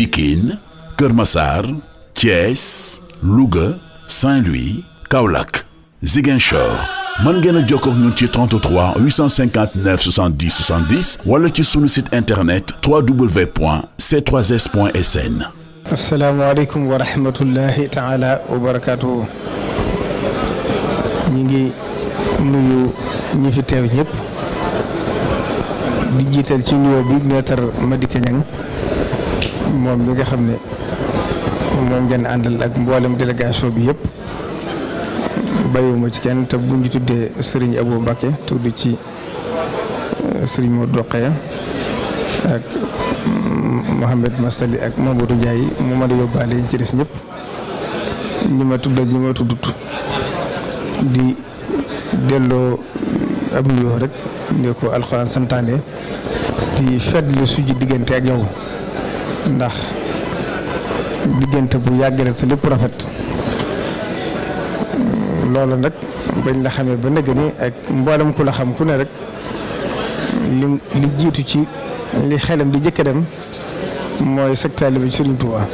Pikine Kër Massar Thiès Louga Saint-Louis Kaolack Ziguinchor man ngeen a jokkoo ak ñun ci 33 859 70 wala ci sunu site internet www.c3s.sn. asalaamaaleykum wa rahmatullahi taala wa barakaatu. ñu ngi nuyu ñi fi teew ñëpp di jiital ci nuyoo bi maître Madické Niang. moom mi nga xam ne moom ngeen àndal ak mboolem délégation bi yëpp bàyyiwuma ci kenn te bu ñu tuddee Serigne Abou Mbacké tudd ci euh, sëriñ moo Doqeya ak Mohamed Masali ak Mamadou Ndiaye mu mën a yóbbaale yi ci des ñëpp ñi ma tudd ak ma tuddut di delloo ab nuyoo rek ne ko alxuraan santaane di fedd la suji diggante ak yow ndax diggante bu yàgg sa lépp rafet loolu nag bañ la xamee ba nëgë ak mboolem ku la xam ku ne rek li li jiitu ci li xelam di jëkk a dem mooy sag taalibe bi Sëriñ Tuubaa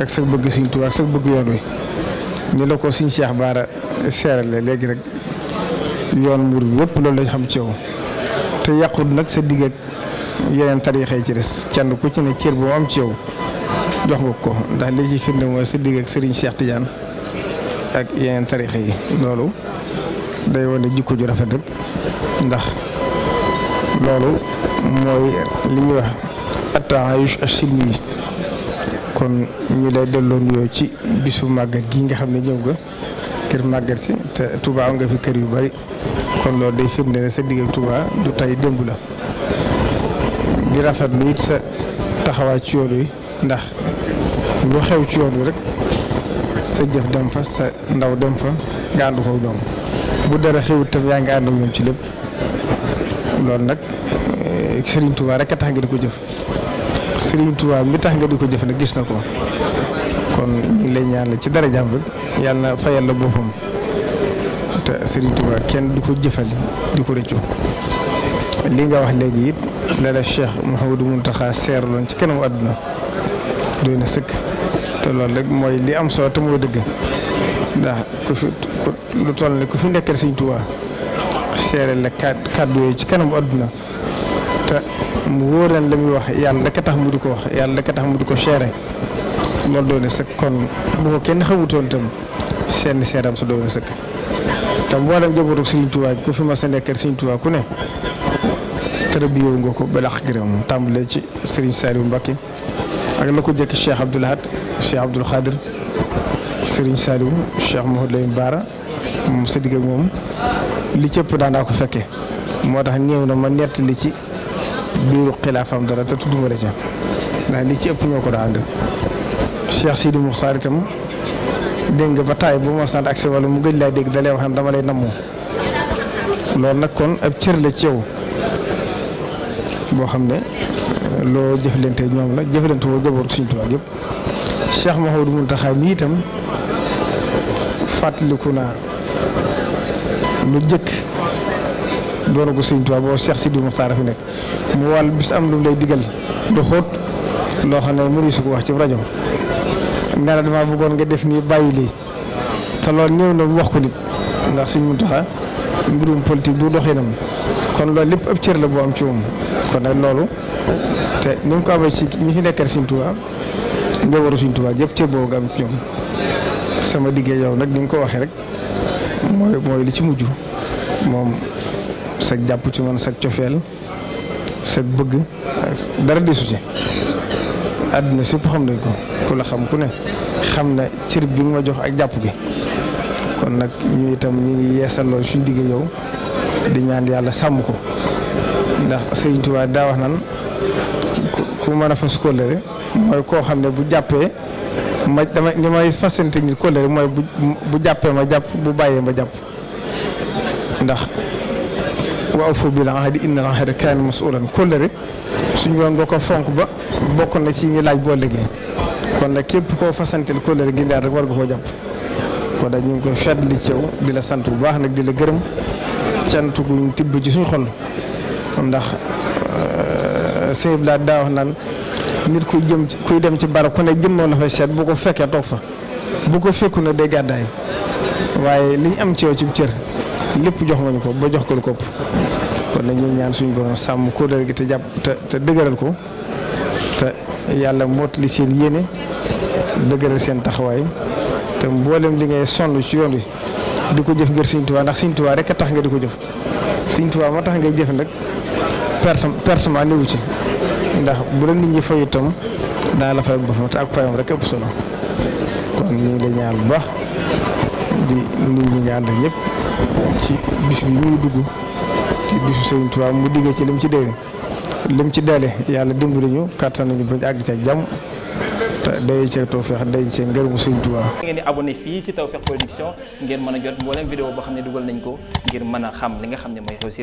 ak sag bëgg Sëriñ Tuubaa ak sag bëgg yoon wi ñu la ko Sëriñ Cheikh Baara seerale léegi rek yoon mbir bi yëpp loolu lañ xam ci yow te yàqut nag sa digg ak yeneen tariixa yi ci des kenn ku ci ne cër bu mu am ci yow jox nga ko ndax li ci firnde mooy sa digg ak Serigne Cheikh Tidiane ak yeneen tariixa yi loolu day wane jikko ju rafet rek ndax loolu mooy li ñuy wax attaayush asilmi yi kon ñu lay delloo nuyoo ci bisu màggat gi nga xam ne ñëw nga kër màggat si te Touba nga fi kër yu bari kon loolu day firnde ne sa digg ak Touba du tay démb la di rafet lu it sa taxawaay ci yoon wi ndax lu xew ci yoon wi rek sa jëf dem fa sa ndaw dem fa nga ànd ko ñoom bu dara xewut tam yaa ngi ànd ak ñoom ci lépp loolu nag eh, Serigne Touba rek a tax nga di ko jëf Serigne tubaab mi tax nga di ko jëf nag gis na ko kon ñu ngi ci dara jàmm rek na fayal boppam te Serigne Touba kenn du ko jëfal di ko rëccu li nga wax léegi it. dala Cheikh Mouhamadou seer seerloon ci kanamu àdduna doy na sëkk te loolu rek mooy li am soo te mooy dëgg ndax ku fi lu toll ne ku fi nekkal Sëriñ Tuubaa seere la kàddu yooyu ci kanamu àdduna te mu wóor la muy wax yàlla rek mu di ko wax yàlla rek mu di ko seere loolu doy sëkk kon bu kenn xamutoon tam seen seeram sa doy na sëkk te mboolem njabootu Sëriñ Tuubaa ku fi mas a si Sëriñ Tuubaa ku ne. te tërbiyewu nga ko balax gërëm tàmbalee ci sëriñ Saliou Mbacké ak la ko jëkk Cheikh Abdoul Ahad Cheikh Abdoul Khadir Serigne Saliou Cheikh Mouhamadou Bara moom moom li cëpp daanaa ko fekke moo tax néew na ma nett li ci biiru xilaafam dara te tudduma li ci ëpp ñoo ko daa ànd Cheikh Sidi itam dégg nga ba taay bu ma sant accès wala mu gëj laa dégg dalee wax dama lay namm loolu nag kon ab cër la ci yow boo xam ne euh, loo jëflante ñoom la jëflante woo jabootu Sëriñ Tuubaa yëpp Cheikh Mouhamadou Mountakha mi itam fàttaliku naa lu jëkk doon ko Sëriñ Tuubaa boo Cheikh Sidi Muxtaar fi nekk mu wàll bis am lu mu lay digal du xóot loo xam ne mënu su ko wax ci rajo nee dama bëggoon nga def nii bàyyi lii te lool néew na mu wax ko nit ndax Sëriñ Mountakha mbirum politique du doxinam kon loolu lépp ab cër la boo am ci moom kon nag loolu te ni mu ko amee ci ñi fi nekkal Sëriñ Tuubaa nga waru Sëriñ Tuubaa yëpp cër boobu nga am ci ñoom sama liggéey yow nag ni nga ko waxee rek mooy mooy li ci mujj moom sag jàpp ci man sag cofeel sag bëgg dara desu ci àdduna sépp xam nañ ko ku la xam ku ne xam na cër bi nga ma jox ak jàpp gi kon nag ñu tam ñu ngi yeesaloo suñu digg yow di ñaan yàlla sàmm ko ndax Sëriñ Tuubaa daa wax nan ku mën a fas kóllëre mooy koo xam ne bu jàppee ma dama ni may fasante nit kóllëre mooy bu bu jàppee ma jàpp bu bàyyee ma jàpp ndax wa di bil ahdi innal ahda kaana mas'uulan kóllëre suñu yoon boo ko fonk ba bokk na ci ñi laaj boo liggéey kon nag képp koo fasantil kóllëre gi leer rek war nga koo jàpp kon nag ñu ngi koy fàttali ci yow di la sant bu baax nag di la gërëm cant guñ tibb ci suñu xol ndax euh, sëñ bi daa wax nit kuy jëm kuy dem ci barab ko ne jëmmoo la fay seet bu ko fekkee toog fa bu ko fekku na day gàddaay waaye liñ am ci yow ci cër lépp jox nga ñu ko ba jox ko lu ko ëpp kon nag ñu ñaan suñu borom sàmm kóolal gi te jàpp te te dëgëral ko te yàlla mboot li seen yéene dëgëral seen taxawaay. te mboolem li ngay sonn ci yoon wi di ko jëf ngir Sëriñ Tuubaa ndax Sëriñ Tuubaa rek a tax nga di ko jëf Sëriñ Tuubaa moo tax ngay jëf nag perte perte ci ndax bu la nit ñi fay tam daa la fay boppam te ak payam rek ëpp solo kon ñu ngi ñaan bu baax di nuyu ñi nga ànd ak ñëpp ci bis bi ñu dugg ci bisu Sëriñ Tuubaa mu diggee ci lim ci déwén lim ci daale yàlla dimbali ñu kàttan nañu bañ àgg ca jam day ceeg Tawfekh day ceeg ngërëmu Sëriñ Tuubaa ngeen di abonné fii ci Tawfekh Production ngeen mën a jot mboolem vidéo boo xam ne dugal nañ ko ngir mën a xam li nga xam ne mooy xew si